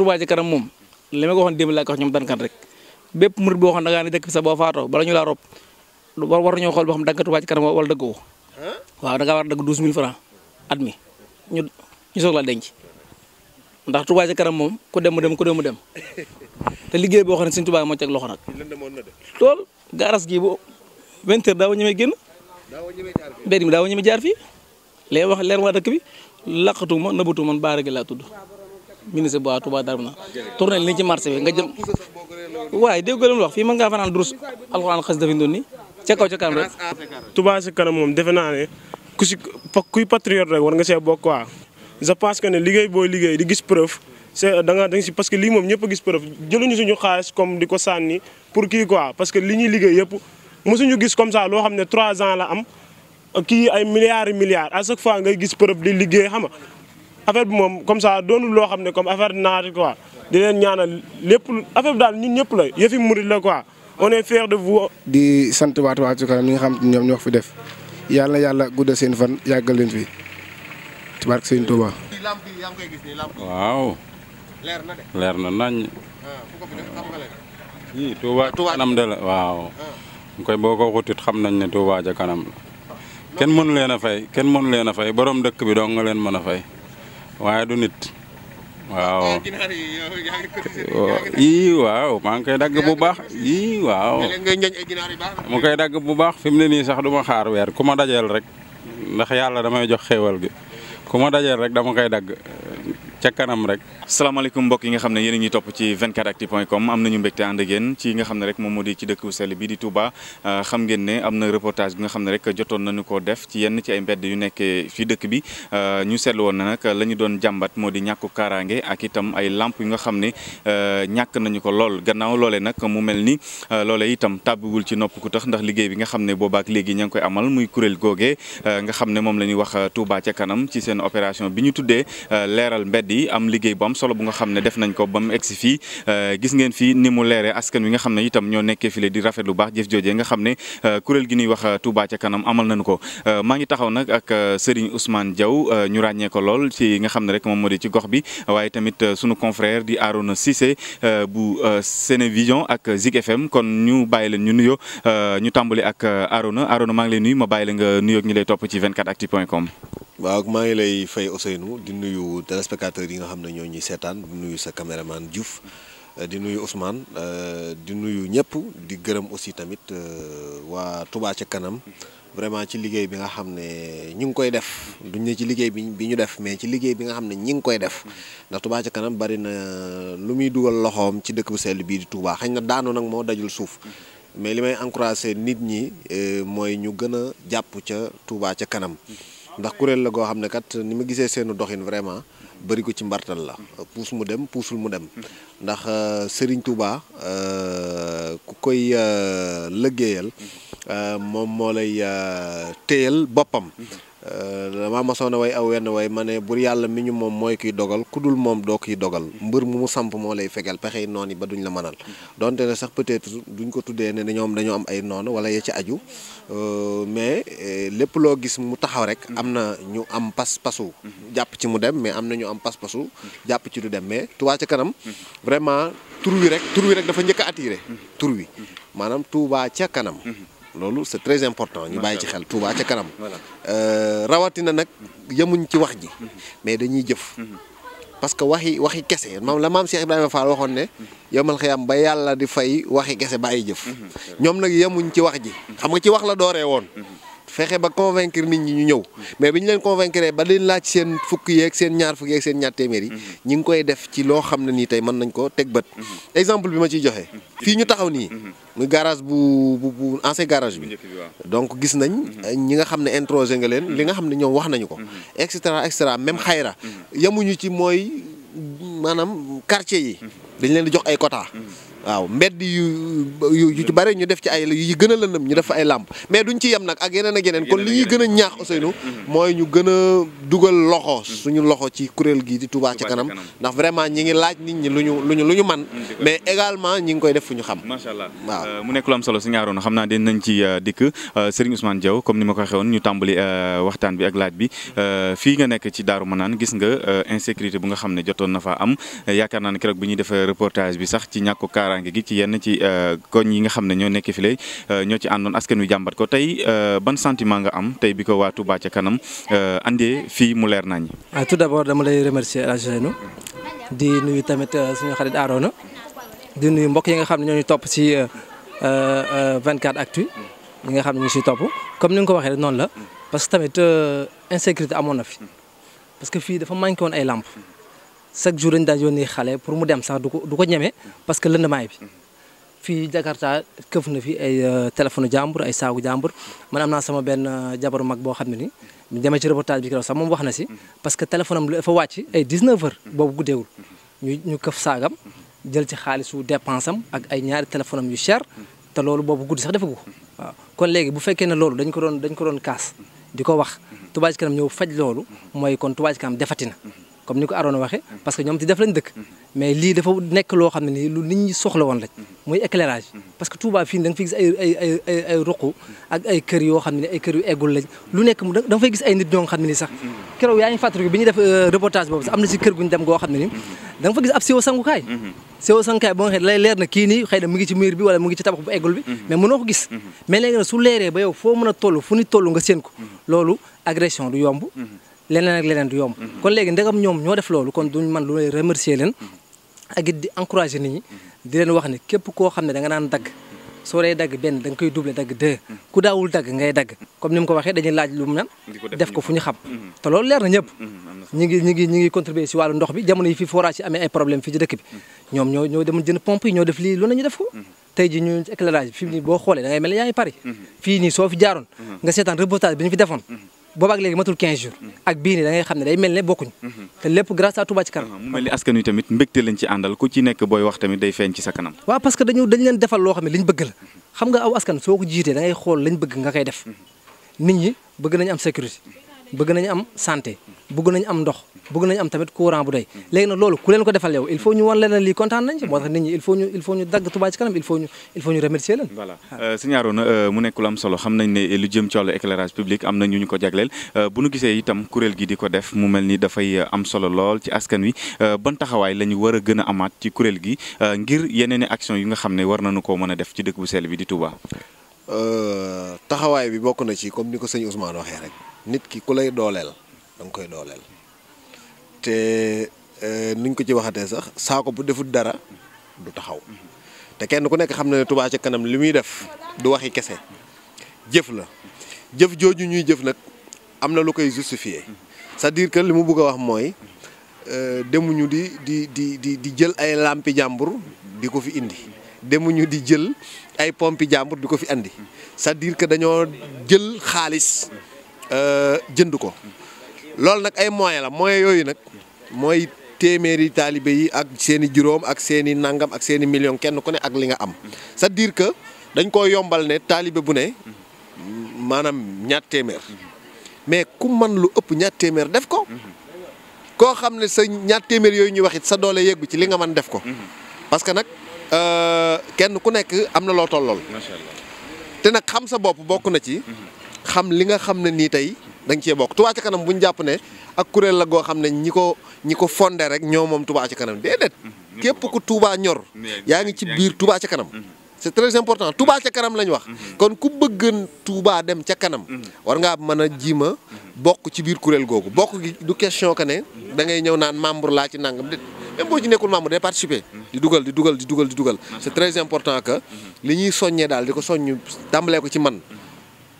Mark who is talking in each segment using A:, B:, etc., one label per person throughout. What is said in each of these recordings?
A: Touba Ca Kanam moom li ma démb laa ko wax ñoom dankan da ngaa ne dëkk bi sax boo faatoo bala ñu laa rob war war ñoo xool waaw da ngaa war a dagg douze mille francs at mi ñu ñu soog laa denc ndax Touba Ca Kanam moom ku dem mu dem ku dem mu dem te liggéey boo xam ne suñ Touba moo teg loxo nag tool gaaras gii bu vingt heures daawa ñemee génn mbedd mi daawa ñemee jaar fii léegi wax leer waa dëkk bi laqatu ma nëbatu man baara gi laa tudd ministre bu waa Touba Darou na tourné si kanam
B: moom defe naa ne ku si kuy patriote rek war nga see bokk quoi je pense ne liggéey boo liggéey di gis preuve c'est da nga si parce que lii moom ñëpp a gis preuve jëluñu suñu xaalis comme di ko sànni pour kii quoi parce que li ñuy liggéey yëpp mosuñu gis comme ça loo xam ne trois ans la am kii ay milliards et milliards à chaque fois ngay gis preuve di liggéey xam nga affaire bi moom comme ça doonul loo xam ne comme affaire naari quoi di leen ñaanal lépp affaire bi daal ñun ñëpp la yëfi murid la quoi on est fier de di sant waat waa Toucar mi nga xam ñoom ñoo fi def yàlla yàlla guddal seen fan yàggal leen fi ci barke Sëñ Touba. na na nañ. yii ah, Touba ca kanam de la waaw. Ah. koy boo ko xutit xam nañ ne Touba ca kanam kenn mënu leen a fay kenn mënu leen a fay borom dëkk bi dong nga leen mën a fay. waaye du nit waaw ah, yii maa ngi koy dagg bu baax yii waaw mu koy dagg bu baax fi mu ne nii sax du ma xaar weer ku ma dajeel rek ndax yàlla damay jox xéewal gi ku ma dajeel rek dama koy dagg ca kanam rek. salaamaaleykum mbokk yi nga xam ne yéen a topp ci 24actu.com am nañu mbégte ànd ak yéen ci nga xam ne rek moom moo di ci bi di Touba euh, xam ngeen ne am na reportage bi nga xam ne rek jotoon nañu koo def ci yenn ci ay yu nekk fii dëkk bi euh, ñu seetlu woon na nag la ñu doon jàmbat moo di ñàkku kaaraange ak itam ay làmp yu nga xam ne euh, ñàkk nañu ko lool gannaaw loolee nag mu mel ni loolee itam tàbbiwul ci nopp ku tax ndax liggéey bi nga xam ne ak léegi ña ngi koy amal muy kuréel googe nga xam ne moom la ñuy wax Touba ca kanam ci seen opération bi ñu tuddee leeral mbedd yi am liggéey bu solo bu nga xam ne def nañ ko ba mu egsi fii euh, gis ngeen fii ni mu leeree askan wi nga xam ne itam ñoo nekkee file di rafet lu baax jëf joojee nga xam ne euh, kuréel gi ñuy wax euh, Touba ca kanam amal nañu ko maa ngi taxaw nag ak Serigne Ousmane Diaw ñu ràññee ko lool ci nga xam ne rek moom moo di ci gox bi waaye tamit sunu confrère di Arona Cissé bu Sénévision ak Zik kon ñu bàyyi leen ñu nuyoo ñu tàmbali ak Arona Arona maa ngi lay nuyu bàyyi la nga nuyoo ak ñi topp ci 24actu point com
C: waaw maa ngi lay fay Ousseynou di nuyu téléspectateurs yi nga xam ne ñoo ñuy seetaan di nuyu sa caméraman Diouf euh, di nuyu Ousmane euh, di nuyu ñëpp di gërëm aussi tamit euh, waa tubaa ca kanam vraiment ci liggéey bi nga xam ne ñu ngi koy def duñ ci liggéey bi bi ñu def mais ci liggéey bi nga xam ne ñi ngi koy def ndax tubaa ca kanam bari na lu muy dugal loxoom ci dëkk bu sell bii di Touba xëy na daanu nag moo dajul suuf mais li may encourager nit ñi mooy ñu gën a jàpp ca Touba ca kanam ndax kuréel la goo xam ne kat ni ma gisee seenu doxin vraiment bari ko ci mbartal la puus mu dem puusul mu dem ndax euh, Serigne Touba euh, ku koy euh, liggéeyal moom moo lay téyal boppam Euh, dama mosoon a way aw wenn way ma ne bu yàlla mi ñu moom mooy kiy dogal ku dul moom doo kiy dogal mbër mu mu samp moo lay fegal pexe noon yi ba duñ la manal donte ne sax peut-être duñ ko tuddee ne ñoom dañoo am ay noonu wala ya ci aju euh, mais euh, lépp loo gis mu taxaw rek am na ñu am pas pasu jàpp ci mu dem mais am na ñu am pas pasu jàpp ci du dem mais Touba ca kanam vraiment tur wi rek tur wi rek dafa njëkk a attiré tur wi maanaam Touba ca kanam loolu c'est très important ñu bàyyi ci xel Touba ca kanam euh, rawatina nag yemuñ ci wax ji mais dañuy jëf parce que waxi waxi kese moom la maam Cheikh Ibrahima Fall waxoon ne yomal xiyam ba yàlla di fay waxi kese bàyyi jëf mhm. ñoom nag yemuñ ci wax ji xam nga ci wax la dooree woon fexe ba convaincre nit ñi ñu ñëw mais bi ñu leen convaincre ba leen laaj seen fukki yeeg seen ñaar fukki yeeg seen ñaar téeméer yi mhm. ñi ngi koy def ci loo xam ne nii tey mën nañ ko teg bët mhm. exemple bi ma ciy joxe mhm. fii ñu taxaw nii muy garage bu bu bu ancien garage bi donc gis nañ ñi nga xam ne introsé nga leen li nga xam ne ñoom wax nañu ko et cetera et cetera même xayra yamuñu ci mooy maanaam quartier yi dañ leen di jox ay cota waaw mbedd yu yu ci bare ñu def ci ay yi gën a lëndëm ñu def ay làmp mais duñ ci yem nag ak yeneen a yeneen kon li ñu gën a ñaax Ousseynou mooy ñu gën a dugal loxo suñu loxo ci kuréel gi di Touba ci kanam ndax vraiment ñi ngi laaj nit ñi lu ñu lu ñu lu ñu man mm, mais également ñi ngi koy def fu ñu xam macha allah
B: waaw euh, mu nekk lu am solo si ñaaroon xam naa nañ ci euh, dikk euh, Serigne Ousmane Diaw comme ni ma ko waxee ñu tàmbali waxtaan bi ak laaj bi fii nga nekk ci Daaru Manaan gis nga insécurité bu nga xam ne jotoon na faa am yaakaar naa ne keroog ñuy def reportage bi sax ci ñàkk kaaraange gi ci yenn ci koñ euh, yi nga xam ne ñoo nekk fi lay euh, ñoo ci àndoon askan wi jàmbat ko tey euh, ban sentiment nga am tey bi ko waa Touba ca kanam andee fii mu leer nañ
A: ah tout d'abord dama lay remercier Algeno di nuyu tamit suñu xarit Arona di nuyu mbokk yi nga xam ne ñoo ñu topp ci 24 actu yi nga xam ne ñu si topp comme ni nga ko waxee noonu la parce que tamit insécurité amoon na fi parce que fii dafa manqué woon ay lampes. chaque jour dañ daa yónnee xale pour mu dem sax du ko du ko ñeme parce que lëndamaay bi fii jakartaa këf na fi ay euh, téléphone jàmbur ay saagu jàmbur man am naa sama benn euh, jabaru mag boo xam ne ni demee ci reportage bi keroog sax moom wax na si parce que téléphone am dafa wàcc ay 19 heures boobu guddeewul ñu ñu këf saagam jël ci xaalisu dépense ak ay ñaari téléphone yu cher te loolu boobu guddi sax defagu waaw kon léegi bu fekkee ne loolu dañ ko doon dañ ko doon kaas di ko wax Touba Kanam ñëw faj loolu mooy kon Touba Kanam defati na comme ni ko Arona waxee parce que ñoom ci def lañ dëkk mais lii dafa nekk loo xam ne nii lu nit ñi soxla woon lañ muy éclairage parce que Touba fii da nga fay ay ay ay nga xam ne sax keroog yaa ngi fàttaliku bi def euh, reportage boobu sax am na kër guñ dem goo xam ne nii da nga fa gis ab siwo sangukaay siwo sangukaay boo nga xam ne leer na kii nii na mu ci mur bi wala mu ci tabax bu eggul bi mais mënoo ko gis mais léegi nag su leeree ba yow foo mën a leneen ak leneen du yomb. Mhm. kon léegi ndegam ñoom ñoo def loolu kon du duñ man lu lay remercier leen. ak it di encourager nit ñi mhm. di leen wax ne képp koo xam ne da nga naan dagg. soo dee dagg benn da nga koy double dagg deux mhm. ku dagg ngay dagg comme ni ko waxee dañuy laaj lu mu def ko fu ñu xam te loolu leer na ñëpp ñi ngi ñi ngi ñi ngi contribuer si wàllu ndox bi jamono yi fi forage amee ay problème fii ci dëkk bi ñoom ñoo ñoo demoon jënd pompe yi ñoo def lii lu nañu def ko tey ji ñu éclairage bi nii boo xoolee da ngay mel ne yaa ngi Paris fii nii soo fi jaaroon nga seetaan reportage bi ñu fi defoon boobaak léegi matul 15 jours ak bii ni da xam ne day mel ne bokkuñ te lépp grâce à Touba ci kanam mu
B: mel ni askan wi tamit mbégte lañ ci àndal ku ci nekk booy wax tamit day feeñ ci sa kanam
A: waaw parce que dañu dañ leen defal loo xam la xam nga aw askan soo ko jiitee da ngay xool lañ bëgg nga koy def mm-hmm. nit ñi bëgg nañ am sécurité bëgg nañu am santé bëgg nañu am ndox bëgg nañu am tamit courant bu doy léegi nag loolu ku leen ko defal yow il faut ñu wan leen lii kontaan nañ ci moo tax nit ñi il faut ñu il faut ñu dagg Touba ci kanam il faut ñu il faut ñu remercier euh,
B: euh, solo xam nañ ne lu jëm ci wàllu éclairage public am na ñu ñu ko jagleel euh, bu ñu gisee itam kuréel gi di ko def mu mel ni dafay am solo lool ci askan wi ban taxawaay la ñu war a gën a amaat ci kuréel gi ngir yeneen i action yu nga xam ne war nañu koo mën a def ci dëkk bu sell bi di Touba
C: taxawaay bi bokk na ci comme ni ko sëñ Ousmane waxee rek nit ki ku lay dooleel da koy dooleel te eh, nuñ ko ci waxatee sax saako bu defut dara du taxaw te kenn ku nekk xam na ne Touba ca kanam li muy def du waxi kese jëf la jëf jooju ñuy jëf nag am na lu koy justifier c'est-à-dire que li mu bugg a wax mooy eh, demuñu di di di di di jël ay làmpi jàmbur di ko fi indi demuñu di jël ay pompi jàmbur di ko fi indi cest à que dañoo jël xaalis Euh, jënd ko loolu nag ay moyens la moyens yooyu nag mooy téeméeri taalibe yi ak seeni juróom ak seen i nangam ak seeni million kenn ku ne ak li nga am sa diir dire que dañ koo yombal ne taalibe bu ne maanaam ñaat téeméer mais ku man lu ëpp ñaat téeméer def ko koo xam ne sa ñaat téeméer yooyu ñuy wax it sa doole yeggu ci li nga man def ko parce que nag euh, kenn ku nekk am na loo tollool te nag xam sa bopp bokk na ci mhm. xam li nga xam ne nii tey da cee bokk Touba Ca Kanam bu ñu jàpp ne ak kuréel la goo xam ne ñi ko ñi ko fondé rek ñoo moom Touba Ca Kanam déedéet. Mm-hmm. képp ku Touba ñor. yaa ngi ci biir tubaa Ca Kanam. Mm-hmm. c'est très important Touba ca kanam lañ wax. Mm-hmm. kon ku bëgg Touba dem ca kanam. war ngaa mën a jiima bokk ci biir kuréel googu bokk gi du question que da ngay ñëw naan membre laa ci nangam déet même boo ci nekkul membre day participer. di dugal di dugal di dugal di dugal. c'est très important que li ñuy soññee daal di ko soññ tàmbalee ko ci man.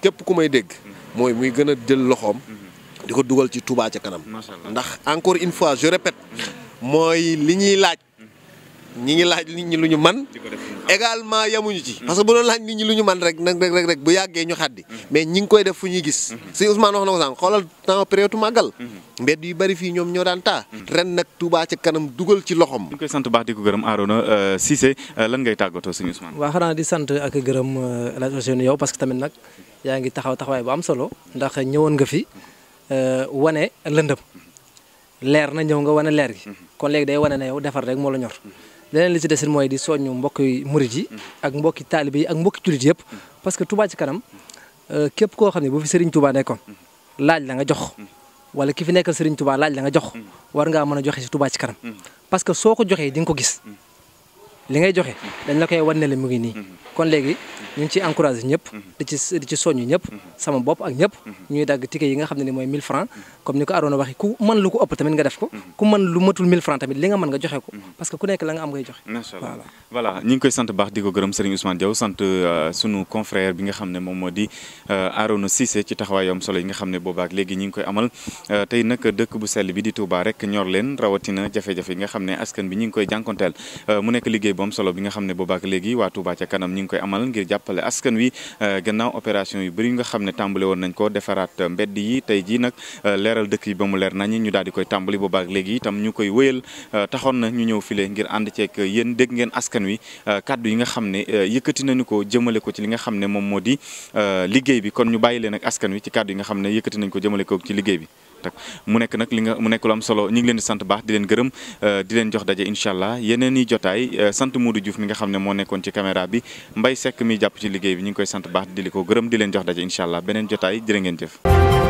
C: képp ku may dégg mooy muy gën a jël loxoom di ko dugal ci Touba ci kanam ndax encore une fois je répète mooy li ñuy laaj ñi ngi laaj nit ñi lu ñu man également ñu ci parce que bu doon laaj nit lu ñu man rek nag rek rek rek bu yàggee ñu xaddi mais ñi ngi koy def fu ñuy gis si Ousmane wax na ko sànq xoolal temps période màggal mbedd yu bari fii ñoom ñoo daan taa ren nag Touba ci kanam dugal ci loxom ñu
B: koy sant baax di ko gërëm Arona euh, Cissé euh, lan ngay tàggatoo suñu Ousmane
A: waa xanaa di sant ak gërëm euh, El Hadj Ousseynou yow parce que tamit nag yaa ngi taxaw taxawaay bu am solo ndax ñëwoon nga fi euh, wane lëndëm leer na ñëw nga wane leer gi kon léegi day wane na yow defar rek moo la ñor leneen li ci desit mooy di soññu mbokki murit yi ak mbokki taalibe yi ak mbokki julit yëpp parce que Touba ci kanam euh, képp koo xam ne bu fi Serigne Touba nekkoon laaj la nga jox wala ki fi nekkal Serigne Touba laaj la nga jox war ngaa mën a joxe si Touba ci kanam parce soo ko joxee di ko gis li ngay joxe dañ la koy wan ne la mu ngi nii mhm. kon léegi ñu ngi ciy encouragé ñëpp mhm. di ci di ci soññu ñëpp mhm. sama bopp ak ñëpp ñu dagg ticket yi nga xam ne mooy 1000 francs comme ni waxee ku mën lu ko ëpp nga def ko ku mën lu matul 1000 francs tamit li nga mën nga joxe ko parce que ku
B: koy sant baax di ko gërëm Serigne Ousmane Diaw sant euh, sunu nga xam ne moom moo di euh, Arona Cissé ci taxawaayam solo yi nga xam ne boobaak léegi ñu ngi koy amal euh, tey nag dëkk bu sell bi di Touba rek ñor leen rawatina jafe-jafe yi nga xam ne askan bi ñu ngi koy jànkonteel mu nekk liggéey bu solo bi nga xam ne boobaak léegi waa Touba ca kanam ñi ngi koy amal ngir jàppale askan wi euh, gannaaw opération yu bëri nga xam ne tàmbale woon nañ ko defaraat euh, mbedd yi tey jii nag euh, leeral dëkk yi ba mu leer nañ ñu daal di koy tàmbali boobaag léegi tam ñu koy wëyal taxoon na ñu ñëw file ngir ànd ceek yéen dégg ngeen askan wi kàddu yi nga xam ne yëkkati nañu ko jëmale ko ci li nga xam ne moom moo di liggéey bi kon ñu bàyyi leen ak askan wi ci kàddu yi nga xam ne yëkkati nañ ko jëmale ko ci liggéey tak mu nekk nag li nga mu nekk lu am solo ñu ngi leen di sant baax di leen gërëm euh, di leen jox daje incha yeneen i jotaay euh, sant Modou Diouf mi nga xam ne moo nekkoon ci caméra bi Mbaye sekk mi jàpp ci liggéey bi ñu ngi koy sant baax di li ko gërëm di leen jox daje incha allah beneen jotaay jërë ngeen jëf